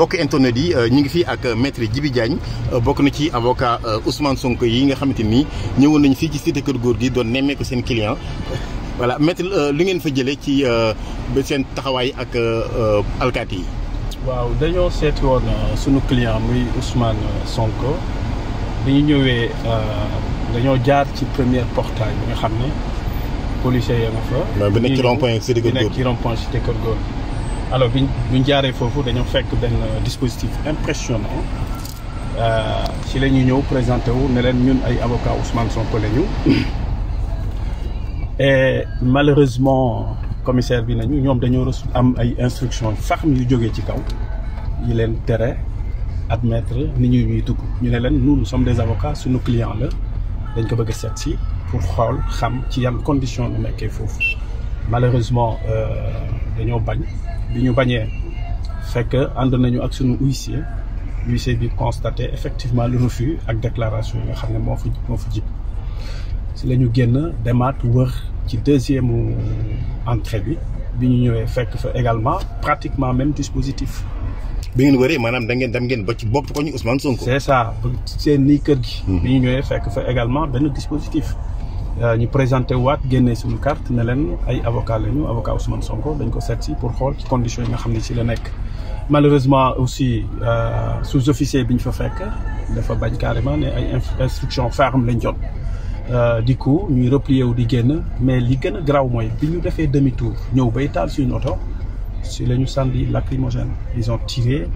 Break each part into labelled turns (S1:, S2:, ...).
S1: bokk internet yi euh, ñu ngi fii ak euh, maître Djibi Diagne euh, bokk na ci avocat Ousmane Sonko yi nga xamante ni ñëwoon nañu fii ci cité kër góor gi doon nemmeeku seen client voilà maître lu ngeen fa jëlee ci ba seen taxawaay ak alkaati
S2: yi. waaw dañoo seeti woon sunu client muy Ousmane Sonko bi ñu ñëwee dañoo jaar ci première portail bi nga xam ne policier ya nga fa. bi ci rond point cité kër góor bi nekk ci rond point kër góor. alors biñ biñ jaaree foofu dañoo fekk benn euh, dispositif impressionnant euh, ci la ñuy ñëw présenté wu ne leen ñun ay avocat Ousmane Sonko la ñu et malheureusement commissaire bi nañu ñoom dañoo reçu am ay instructions saxam yu jógee ci kaw yi leen tere admettre ni ñuy dugg ñu ne leen nous nous des avocats suñu client la dañ ko bëgg a seet si pour xool xam ci yan condition nu nekkee foofu malheureusement euh, dañoo bañ bi ñu bañee fekk ànd nañu ak sunu huissier huissier bi constaté effectivement le fi ak déclaration yi nga xam ne moo fa moo fa jib si la ñu génn demaat wër ci deuxième entrée bi bi ñu ñëwee fekk fa également pratiquement même dispositif. bi ngeen wëree maanaam da ngeen dem ngeen ba ci bopp ko ñu Ousmane Sonko. c'est ça seen nii kër gi. Mhm. bi ñu ñëwee fekk fa également benn dispositif. Euh, ñu présenté waat génnee suñu carte ne leen ay avocat lañu avocat Ousmane Sonko dañ ko seet si pour xool ci conditions yi nga xam ne ci la nekk. malheureusement aussi euh, sous-officier bi ñu fa fekk dafa bañ carrément ne ay instruction ferme lañ jot euh, di ko ñuy replier wu di génn mais li gën a garaaw mooy bi ñu defee demi tour ñëw bay taal suñu oto si la ñu sànni lacrymogène ils ont tiré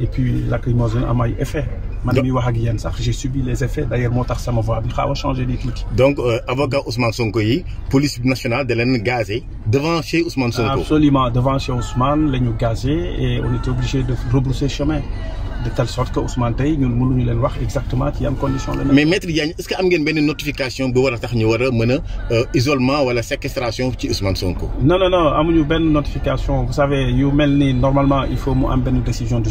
S2: et puis lacrymogène am ay effet man mi wax ak yéen sax j'ai subi les effets d'ailleurs moo tax sama voix bi xaaw a changé nii tuuti.
S1: donc euh, avocat Ousmane Sonko yi police nationale da leen gazé devant chez Ousmane Sonko.
S2: absolument devant chez Ousmane la ñu gazé et on était obligé de rebrousser chemin. de telle sorte que Ousmane tey ñun mënuñu leen wax exactement ci yan
S1: ce que am ngeen benn notification bu war a tax ñu war a mën a euh, isolement wala séquestration ci Ousmane Sonko.
S2: non non non amuñu benn notification vous savez yu mel ni normalement il faut mu am benn décision de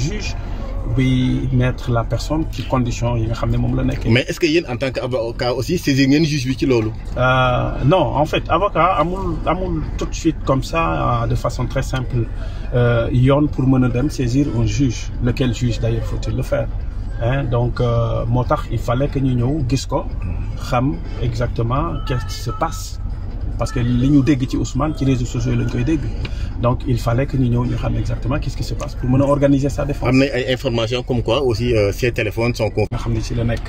S2: buy mettre la personne ci condition yi nga xam ne moom la nekkee. mais
S1: est-ce que yéen en tant que avocat aussi saisir ngeen juge bi ci loolu.
S2: Euh, non en fait avocat amul amul tout de suite comme ça euh, de façon très simple euh, yoon pour mën a dem saisir un juge lequel juge d'ailleurs faut-il le faire. Hein, donc euh, moo tax il fallait que ñu ñëw gis ko xam exactement qu'est-ce qui se passe parce que li ñu dégg ci Ousmane ci réseaux sociaux lañ koy dégg donc il fallait que ñu ñëw ñu xam exactement qu'est-ce qui se passe pour mën a organiser sa défense. am na
S1: ay informations comme quoi aussi euh, ces téléphones sont. nga xam ne ci la nekk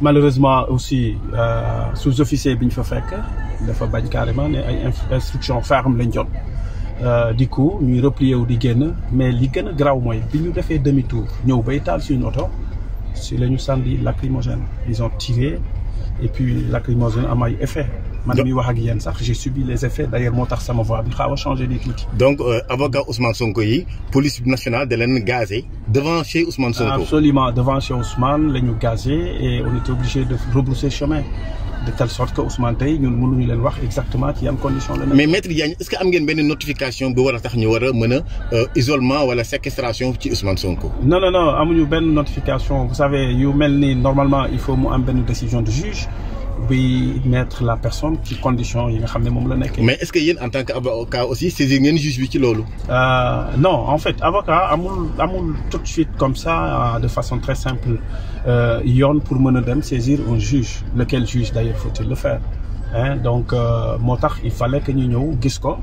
S2: malheureusement aussi euh, sous-officier bi ñu fa fekk dafa bañ carrément ne ay instructions fermes lañ jot di ko ñuy replier wu di génn mais li gën a mooy bi ñu defee demi-tour ñëw bay taal suñu oto si la ñu sànni lacrymogène ils ont tiré et puis lacrymogène am effet man mi wax ak yéen sax j'ai subi les effets d'ailleurs moo tax sama voix bi a changé nii tuuti.
S1: donc euh, avocat Ousmane Sonko yi police nationale da leen gazé devant chez Ousmane Sonko.
S2: absolument devant chez Ousmane la ñu gazé et on était obligé de rebrousser chemin de telle sorte que Ousmane tey ñun mënuñu leen wax exactement ci yan condition la.
S1: mais maître Diagne est-ce que am ngeen benn notification bu war tax ñu war a mën a euh, isolement wala séquestration ci Ousmane Sonko.
S2: non non non amuñu benn notification vous savez mel ni normalement il faut mu am benn décision de buy mettre la personne ci condition yi nga xam ne moom la nekkee. mais
S1: est-ce que yéen en tant que avocat aussi saisir ngeen juge bi ci loolu.
S2: Euh, non en fait avocat amul amul tout de suite comme ça euh, de façon très simple euh, yoon pour mën a dem saisir un juge lequel juge d'ailleurs faut-il le faire. donc euh, moo tax il fallait que ñu ñëw gis ko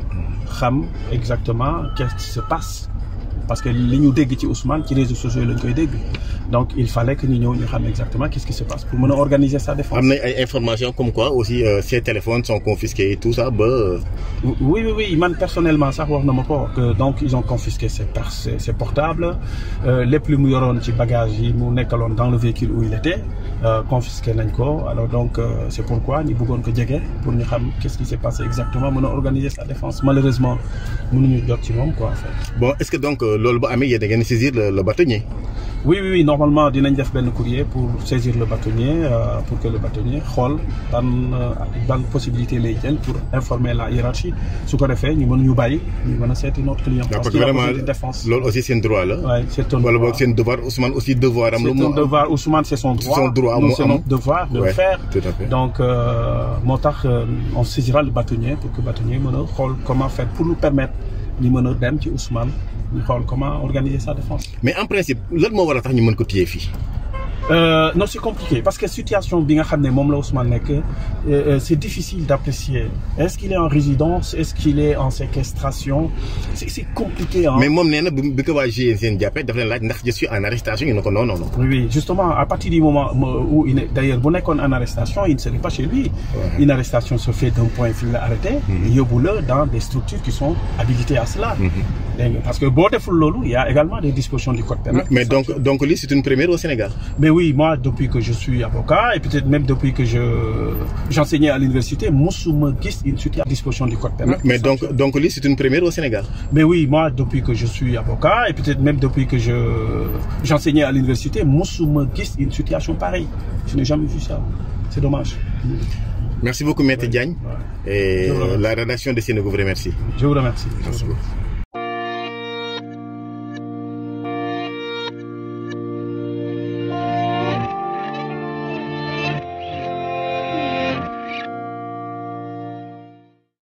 S2: xam exactement qu'est-ce qui se passe parce que li ñu dégg ci Ousmane ci réseaux sociaux yi lañ koy dégg donc il fallait que ñu ñëw ñu xam exactement qu'est-ce qui se passe pour mën a organiser sa défense. am na
S1: ay informations comme quoi aussi euh, ces téléphones sont confisqués tout ça ba.
S2: Euh, oui oui man personnellement sax wax na ma ko que donc ils ont confisqué ses pers ses portables euh, lépp lu mu yoroon ci bagage yi mu nekkaloon dans le véhicule où il était confisqué nañ ko alors donc c'est pourquoi ñu bëggoon ko jege pour ñu xam qu'est-ce qui s'est passé exactement mën a organiser sa défense malheureusement mënuñu jot ci moom quoi
S1: loolu bu amee yéen da ngeen saisir le le bâtonnier.
S2: oui oui oui normalement dinañ def benn courrier pour saisir le bâtonnier euh, pour que le bâtonnier xool ban euh, possibilité lay pour informer la hiérarchie su ko defee ñu mën ñu bàyyi. ñu mën a seeti notre client. loolu aussi
S1: seen droit la. waay c' est un droit wala boog seen devoir Ousmane aussi devoir am. lu mu c' est un devoir
S2: Ousmane moo tax euh, on saisira le bâtonnier pour que bâtonnier mën a xool comment faire pour nous permettre ñu mën a dem ci Ousmane. ñu xool comment organiser sa défense.
S1: mais en principe lan moo war a tax ñu mën ko téye fii.
S2: Euh, non c'est compliqué parce que situation bi nga xam ne moom la Ousmane nekk euh, euh, c'est difficile d'apprécier est-ce qu'il est en résidence est-ce qu'il est en séquestration c'est c'est compliqué. Hein? mais
S1: moom nee na bi ko waa GIGN jàppee daf leen laaj ndax je suis en arrestation ñu ne ko non non non.
S2: oui justement à partir du moment où il est d'ailleurs bu nekkoon en arrestation il ne serait pas chez lui. Ouais. une arrestation se fait d'un point fi ñu la arrêté. yóbbu la dans des structures qui sont habilitées à cela. Mm-hmm. dégg parce que boo deful loolu il y a également des dispositions du code pénal. mais
S1: donc donc lii c'est une première au Sénégal.
S2: mais oui moi depuis que je suis avocat et peut-être même depuis que je j'enseignais gis une suite disposition du
S1: mais donc donc lii c'est une première au Sénégal.
S2: mais oui moi depuis que je suis avocat et peut-être même depuis que je j'enseignais à l'université mosuma gis une situation pareille je n'ai jamais vu ça c'est dommage.
S1: Merci beaucoup, Maître Diagne. Et la rédaction de Sénégal vous remercie.
S2: Je vous